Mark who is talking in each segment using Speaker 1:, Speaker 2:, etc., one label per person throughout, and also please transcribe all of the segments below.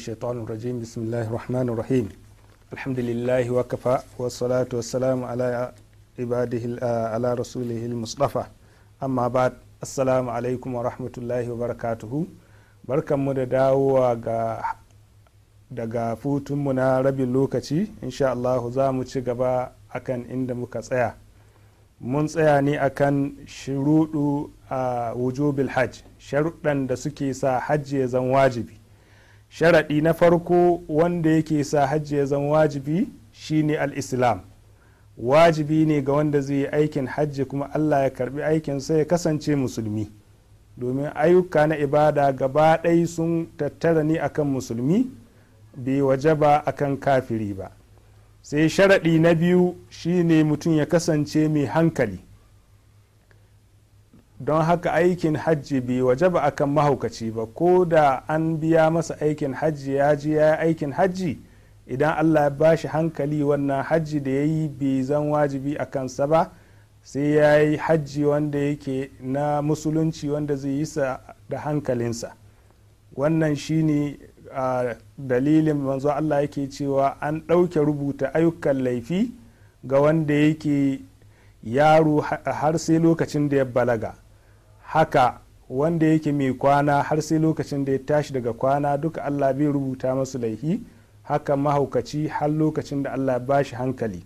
Speaker 1: الشيطان الرجيم بسم الله الرحمن الرحيم الحمد لله وكفى والصلاة والسلام على عباده على رسوله المصطفى أما بعد السلام عليكم ورحمة الله وبركاته بركة داوة daga futunmu na rabin lokaci insha Allah za mu ci gaba akan inda muka tsaya mun tsaya ne akan shirudu a wujubil hajj sharuɗan da suke sa hajji ya zan wajibi sharaɗi na farko wanda yake sa hajji ya zama wajibi shine al-islam wajibi ne ga wanda zai yi aikin hajji kuma allah ya karbi aikin sai ya kasance musulmi domin ayyuka na ibada gaba ɗai sun tattara ni akan musulmi bai wajaba akan kafiri ba sai sharaɗi na biyu shine mutum ya kasance mai hankali don haka aikin hajji bai waje ba akan mahaukaci ba ko da an biya masa aikin hajji ya ji ya aikin hajji idan allah ya ba shi hankali wannan hajji da ya yi bai zan wajibi a kansa ba sai ya yi hajji wanda yake na musulunci wanda zai yi sa da hankalinsa wannan shi ne dalilin manzo allah yake cewa an ɗauke rubuta ayyukan laifi ga wanda yake yaro har sai lokacin da ya balaga haka wanda yake mai kwana har sai lokacin da ya tashi daga kwana duka allah bai rubuta masu laihi haka mahaukaci har lokacin da allah ba shi hankali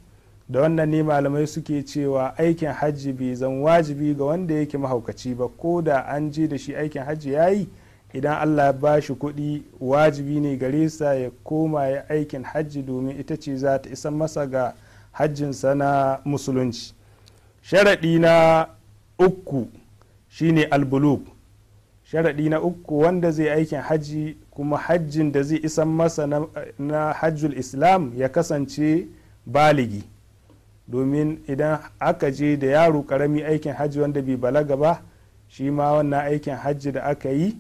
Speaker 1: da wannan ne malamai suke cewa aikin hajji bai zan wajibi ga wanda yake mahaukaci ba ko da an je da shi aikin hajji ya yi idan allah ba shi kuɗi wajibi ne gare sa ya koma ya aikin hajji domin ita ce za ta isa masa ga hajjinsa na musulunci sharaɗi na uku shine albulug sharaɗi na uku wanda zai aikin hajji kuma hajjin da zai isan masa na, na hajjul islam ya kasance baligi domin idan aka je da yaro karami aikin hajji wanda bai balaga ba shi ma wannan aikin hajji da aka yi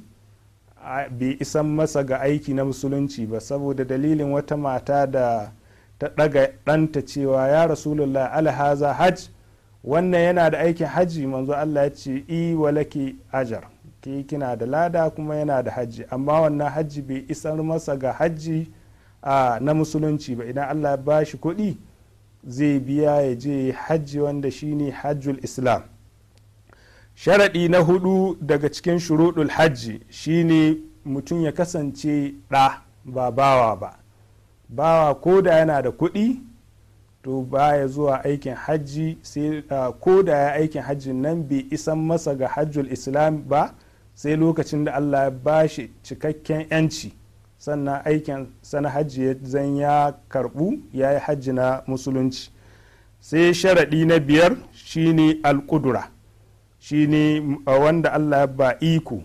Speaker 1: bai isan masa ga aiki na musulunci ba saboda dalilin wata mata da ta ɗaga ɗanta cewa ya rasulullah alhaza hajj wannan yana da aikin hajji manzo Allah ya ce i walaki ajar ki kina da lada kuma yana da hajji amma wannan hajji bai isar masa ga hajji na musulunci ba idan Allah ya ba shi kuɗi zai biya ya je hajji wanda shi ne hajjul islam sharaɗi na hudu daga cikin shuruɗul hajji shine mutum ya kasance ɗa ba bawa ba bawa ko da yana da kuɗi to baya zuwa aikin hajji sai ko da ya aikin hajji nan bai isan masa ga hajjul islam ba sai lokacin da allah ya bashi cikakken yanci sannan aikin sana hajji ya zan ya karbu ya yi hajji na musulunci sai sharaɗi na biyar shine alƙudura shine wanda allah ya ba iko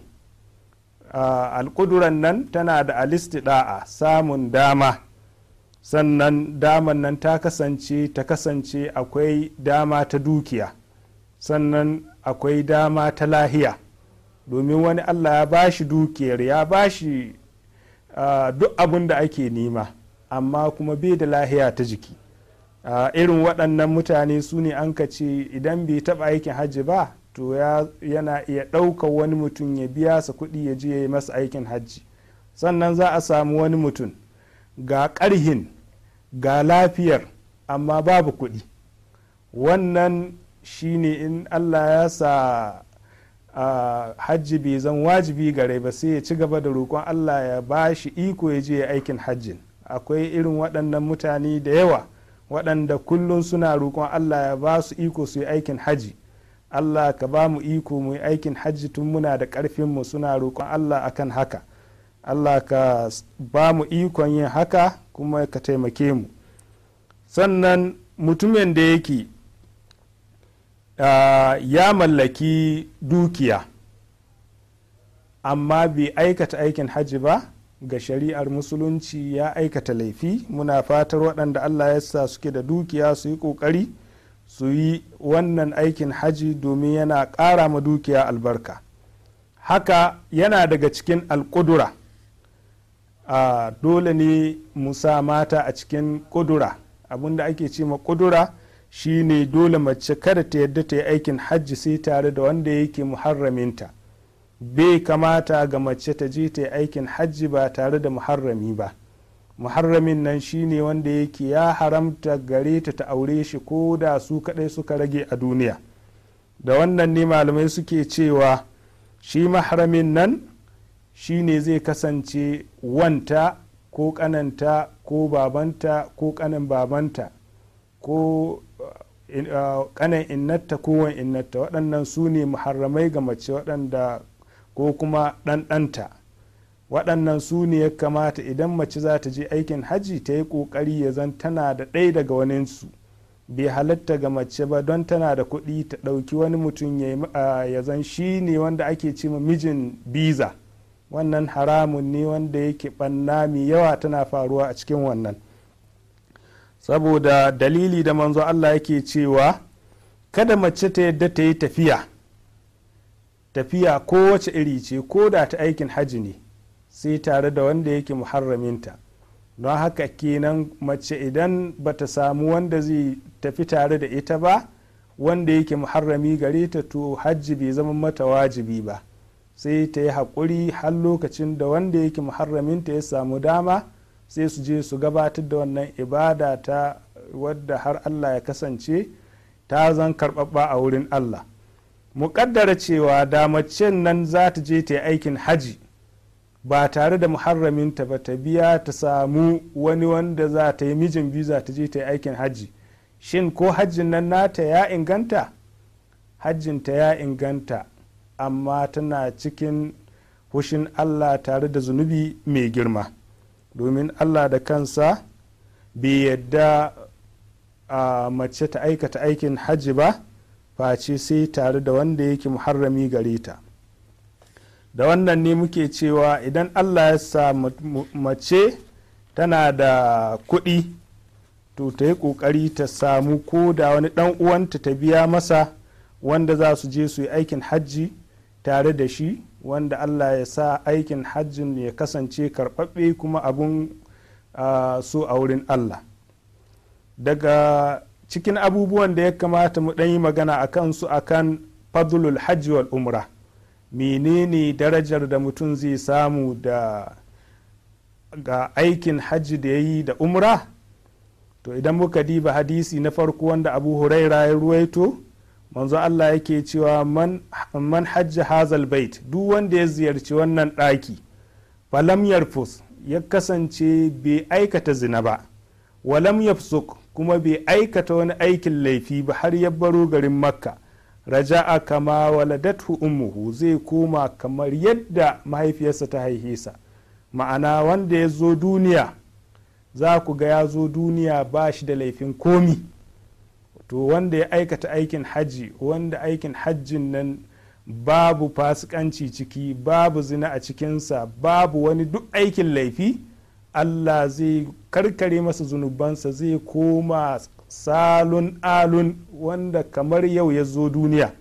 Speaker 1: alƙuduran nan tana da alistida'a samun dama sannan daman nan ta kasance ta kasance akwai dama ta dukiya sannan akwai dama ta lahiya domin wani allah ya bashi dukiyar ya bashi duk abin da ake nema amma kuma bai da lahiya ta jiki irin waɗannan mutane su ne an ce idan bai taɓa aikin hajji ba to yana iya ɗaukar wani mutum ya biya sa kuɗi ya je ya yi masa aikin hajji sannan za a samu wani mutum ga ƙarhin ga lafiyar amma babu kuɗi wannan shine in allah ya sa hajji bai zan wajibi gare ba sai ya ci gaba da roƙon allah ya ba shi iko ya je aikin hajjin akwai irin waɗannan mutane da yawa waɗanda kullum suna roƙon allah ya ba su iko su yi aikin hajji allah ka ba mu iko mu yi aikin hajji tun muna da ƙarfinmu suna roƙon allah akan haka allah ka ba mu ikon yin haka kuma ka taimake mu sannan mutumin da yake ah, ya mallaki dukiya amma bai aikata aikin hajji ba ga shari'ar musulunci ya aikata laifi muna fatar waɗanda allah ya sa suke da dukiya su yi ƙoƙari su yi wannan aikin hajji domin yana ƙara ma dukiya albarka haka yana daga cikin alƙudura a dole ne musa mata a cikin kudura abinda ake ce ma kudura shine dole mace kada ta yadda ta yi aikin hajji sai tare da wanda yake muharraminta bai kamata ga mace ta je ta yi aikin hajji ba tare da muharrami ba muharramin nan shine wanda yake ya haramta gare ta ta aure shi ko da su kadai suka rage a duniya da wannan ne malamai suke cewa shi maharamin nan shi ne zai kasance wanta ko kananta ko babanta ko kanan babanta ko kanan eh, eh, innata ko wan innata waɗannan su ne muharramai ga mace waɗanda ko kuma ɗanɗanta waɗannan su ne ya kamata idan mace za ta je aikin hajji ta yi ƙoƙari ya zan tana da ɗaya daga waninsu bai halatta ga mace ba don tana da kuɗi ta ɗauki wani mutum ya eh, zan shi ne wanda ake ce mijin biza. wannan haramun ne wanda yake banna mai yawa tana faruwa a cikin wannan saboda dalili da manzo Allah yake cewa kada mace ta yadda ta yi tafiya tafiya wace iri ce ko da ta aikin haji ne sai tare da wanda yake muharraminta don haka kenan mace idan bata samu wanda zai tafi tare da ita ba wanda yake muharrami gare ta to hajji bai zama mata wajibi ba sai ta yi haƙuri har lokacin da wanda yake muharraminta ya samu dama sai su je su gabatar da wannan ibada ta wadda har allah ya kasance ta zan karɓaɓɓa a wurin allah muƙaddara cewa da macen nan za ta je ta yi aikin haji ba tare da muharraminta ba ta biya ta samu wani wanda za ta yi mijin biza ta je ta yi aikin haji shin ko hajjin nan nata ya inganta hajjinta ya inganta amma tana cikin hushin allah tare da zunubi mai girma domin allah da kansa bai yadda a mace ta aikata aikin hajji ba face sai tare da wanda yake muharrami gare ta da wannan ne muke cewa idan allah ya sa mace tana da kuɗi to ta yi ƙoƙari ta samu ko da wani ɗan uwanta ta biya masa wanda za su je su yi aikin hajji tare da shi wanda allah ya sa aikin hajjin ya kasance karɓaɓɓe kuma abun so a wurin allah daga cikin abubuwan da ya kamata mu ɗan yi magana a kansu a kan fadlul hajji wal umra menene darajar da mutum zai samu da ga aikin hajji da ya yi da umra to idan muka diba hadisi na farko wanda abu huraira ya ruwaito manzo Allah yake cewa man, hajji hazal bait duk wanda ya ziyarci wannan ɗaki falam yarfus ya kasance bai aikata zina ba walam yafsuk kuma bai aikata wani aikin laifi ba har ya baro garin makka raja'a kama waladatu ummuhu zai koma kamar yadda mahaifiyarsa ta haife sa ma'ana wanda ya zo duniya za ku ga ya zo duniya ba shi da laifin komi to wanda ya aikata aikin hajji wanda aikin hajjin nan babu fasikanci ciki babu zina a cikinsa babu wani duk aikin laifi allah zai karkare masa zunubansa zai koma salun alun wanda kamar yau ya zo duniya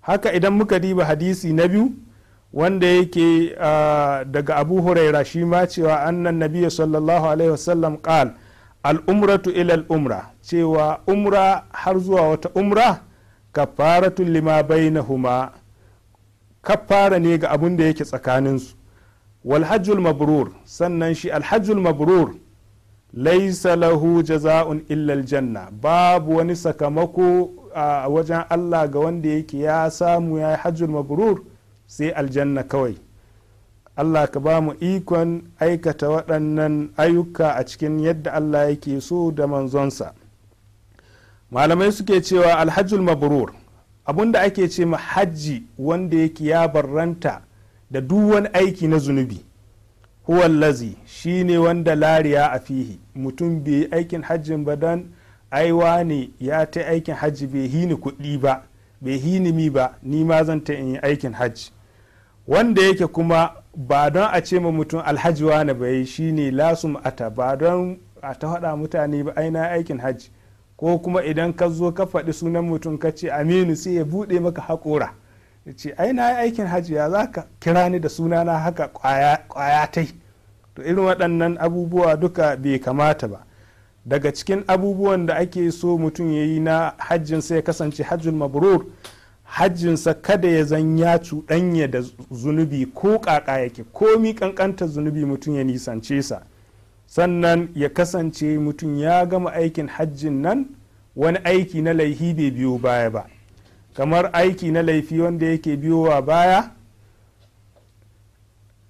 Speaker 1: haka idan muka diba hadisi na biyu wanda yake uh, daga abu huraira shi ma cewa annan nabiya sallallahu alaihi wasallam qal al'umratu ila umra. cewa umra har zuwa wata umra kafaratun lima bainahuma kafara ne ga abun da yake tsakaninsu walhajjul mabrur sannan shi alhajjul mabrur laisa lahu jaza'un illal janna babu wani sakamako a wajen allah ga wanda yake ya samu ya yi hajjul mabrur sai aljanna kawai allah ka ba mu ikon aikata waɗannan ayyuka a cikin yadda allah yake so da manzonsa malamai suke cewa alhajjul abun da ake ce ma hajji wanda yake ya barranta da duk wani aiki na zunubi huwallazi shi ne wanda lariya a fihi mutum bai yi aikin hajjin ba don aiwa ne ya ta aikin hajji bai hini kuɗi ba bai hini mi ba ni ma zan ta yi aikin hajji wanda yake kuma ba don a ce ma mutum alhajiwa na bai shi ne lasum ata ba don a ta faɗa mutane ba aina aikin hajji ko kuma idan ka zo ka faɗi sunan mutum ka ce aminu sai ya buɗe maka haƙora ya ce ai na aikin hajiya za ka kira ni da sunana haka ƙwayatai to irin waɗannan abubuwa duka bai kamata ba daga cikin abubuwan da ake so mutum ya yi na hajjinsa ya kasance hajjul mabrur hajjinsa kada ya zan ya cuɗanya da zunubi ko ƙaƙa yake komi ƙanƙantar zunubi mutum ya nisance sa sannan ya kasance mutum ya gama aikin hajjin nan wani aiki na laifi bai biyo baya ba kamar aiki na laifi wanda yake biyowa baya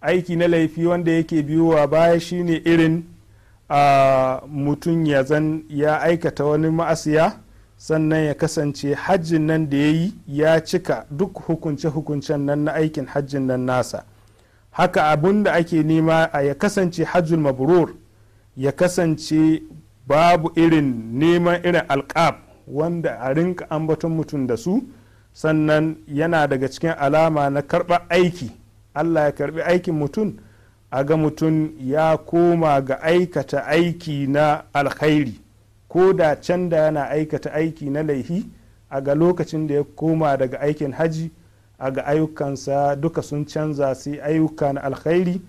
Speaker 1: aiki na laifi wanda yake biyowa baya shine irin a mutum ya zan ya aikata wani ma'asiya sannan ya kasance hajjin nan da ya yi ya cika duk hukunce-hukuncen nan na aikin hajjin nan nasa haka abun da ake nema a ya kasance hajjul mabrur ya kasance babu irin neman irin alkaf wanda a rinka ambaton mutum da su sannan yana daga cikin alama na karɓar aiki allah ya karɓi aikin mutum a ga mutum ya koma ga aikata aiki na alkhairi ko da can da yana aikata aiki na laihi a ga lokacin da ya koma daga aikin haji a ga ayyukansa duka sun canza sai ayyuka na alkhairi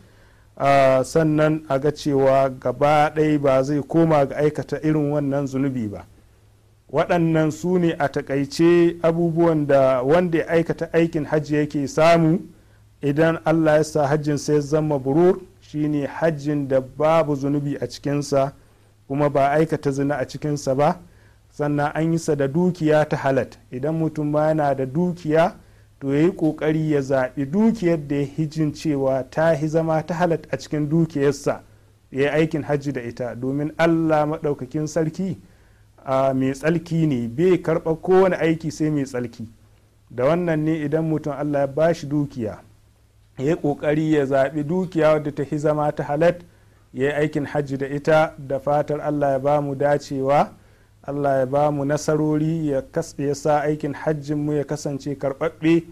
Speaker 1: sannan a ga cewa gaba ɗaya ba zai koma ga aikata irin wannan zunubi ba waɗannan su ne a takaice abubuwan da wanda ya aikata aikin hajji yake samu idan allah ya sa hajjin sai zama burur shine hajjin da babu zunubi a cikinsa kuma ba aikata zina a cikinsa ba sannan an yi sa da dukiya ta halat idan mutum ba yana da dukiya to ya yi kokari ya zaɓi dukiyar da ya hijin cewa ta hi zama ta halat a cikin dukiyarsa ya yi aikin hajji da ita domin allah maɗaukakin sarki a mai tsalki ne bai karɓa kowane aiki sai mai tsarki da wannan ne idan mutum allah ya ba shi dukiya ya yi kokari ya zaɓi dukiya wadda ta hi zama ta halat ya yi aikin hajji da ita da fatar allah ya ba mu dacewa allah ya ba mu nasarori ya sa aikin mu ya kasance karɓaɓɓe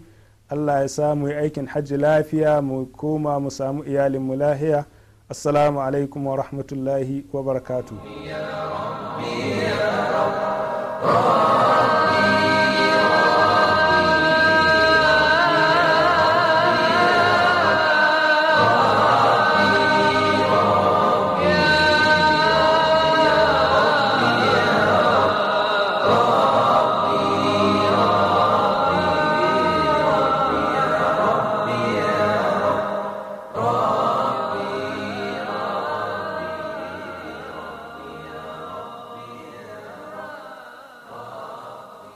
Speaker 1: allah ya sa mu yi aikin hajji lafiya mu koma mu samu iyalinmu lahiya assalamu alaikum wa rahmatullahi wa barakatu.